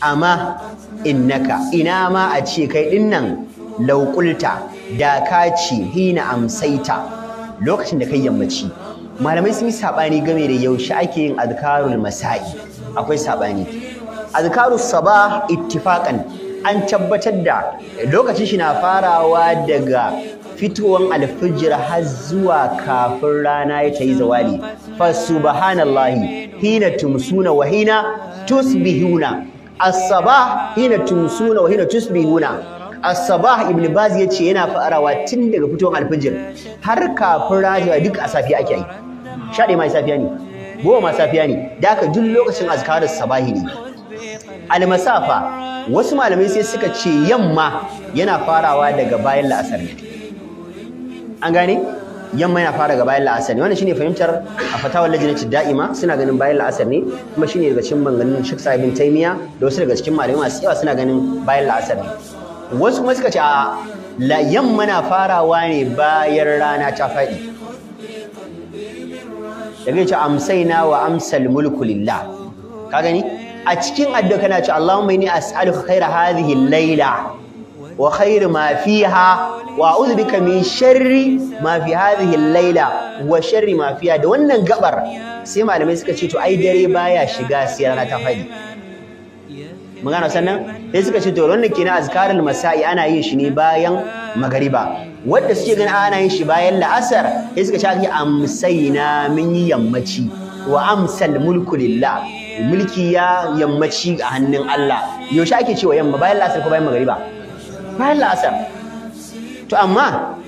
amma innaka ina ma a ce kai nan? lauƙulta da ka ce hina amsaita lokacin da kai yammaci malamai sun yi saɓani game da yaushe ake yin azkarul masa'i akwai saɓani azkarul saba ittifaqan an tabbatar da lokacin shi na farawa daga fitowar alfijir har zuwa kafin rana ya ta yi zawali fa subhanallahi hina tumsuna wa hina tusbihuna as-sabah hina tumsuna wa hina tusbihuna as-sabah ibn baz yace yana fa'arawa tun daga fitowar alfijir har kafin rajiwa duk a safiya ake yi sha ma safiya ne goma ma safiya ne da haka duk lokacin azkarar sabahi ne almasafa wasu malamai sai suka ce yamma yana farawa daga bayan la'asar ne an gane yamma yana fara ga bayan la'asar ne wannan shine fahimtar a fatawar lajinati da'ima suna ganin bayan la'asar ne kuma shine daga cikin maganganun Sheikh Sa'id da wasu daga cikin malamai masu yawa suna ganin bayan la'asar ne wasu kuma suka ce a la yamma na farawa ne bayan rana ta faɗi daga ce amsaina wa amsal mulku lillah ka gani a cikin addu'a kana ce Allahumma inni as'aluka khaira hadhihi al-laila wa khairu mafiha, wa a'udhu bika min sharri ma fi wa sharri ma da wannan gaɓar sai malamai suka ce to ai dare baya shiga sai rana ta fadi mun gano sannan sai suka ce to wannan kenan azkarul masa'i ana yin shi ne bayan magariba wanda suke ganin ana yin shi bayan la'asar sai suka ce amsaina mun yi yammaci wa amsal mulku lillah mulki ya yammaci a hannun Allah yaushe ake cewa yamma bayan la'asar ko bayan magariba bayan la'asar to amma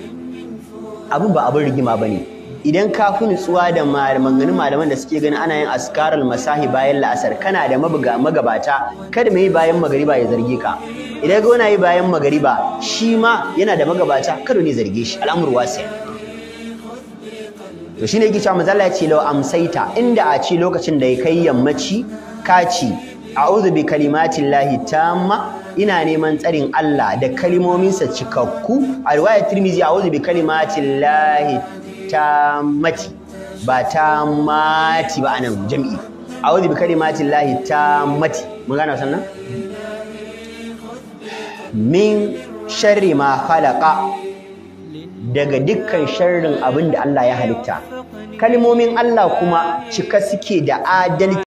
abu ba abin rigima ba ne idan ka fi nutsuwa da maganganun malaman da suke ganin ana yin askaral masahi bayan la'asar kana da magabata kada mai bayan magariba ya zarge ka idan ga wani bayan magariba shi ma yana da magabata kada ne zarge shi al'amur wasa to shine yake cewa manzo ya ce law amsaita inda a ce lokacin da ya kai yammaci ka ci a'udhu bi kalimatillahi tamma ina neman tsarin Allah da sa cikakku a riwayar Tirmidhi wuzu bi kalimatin lahi mati ba ta mati ba anan jami'i wuzu bi kalimatin lahi mati mun gana sannan min sharri ma khalaqa daga dukkan sharrin abinda Allah ya halitta kalmomin Allah kuma cika suke da adalci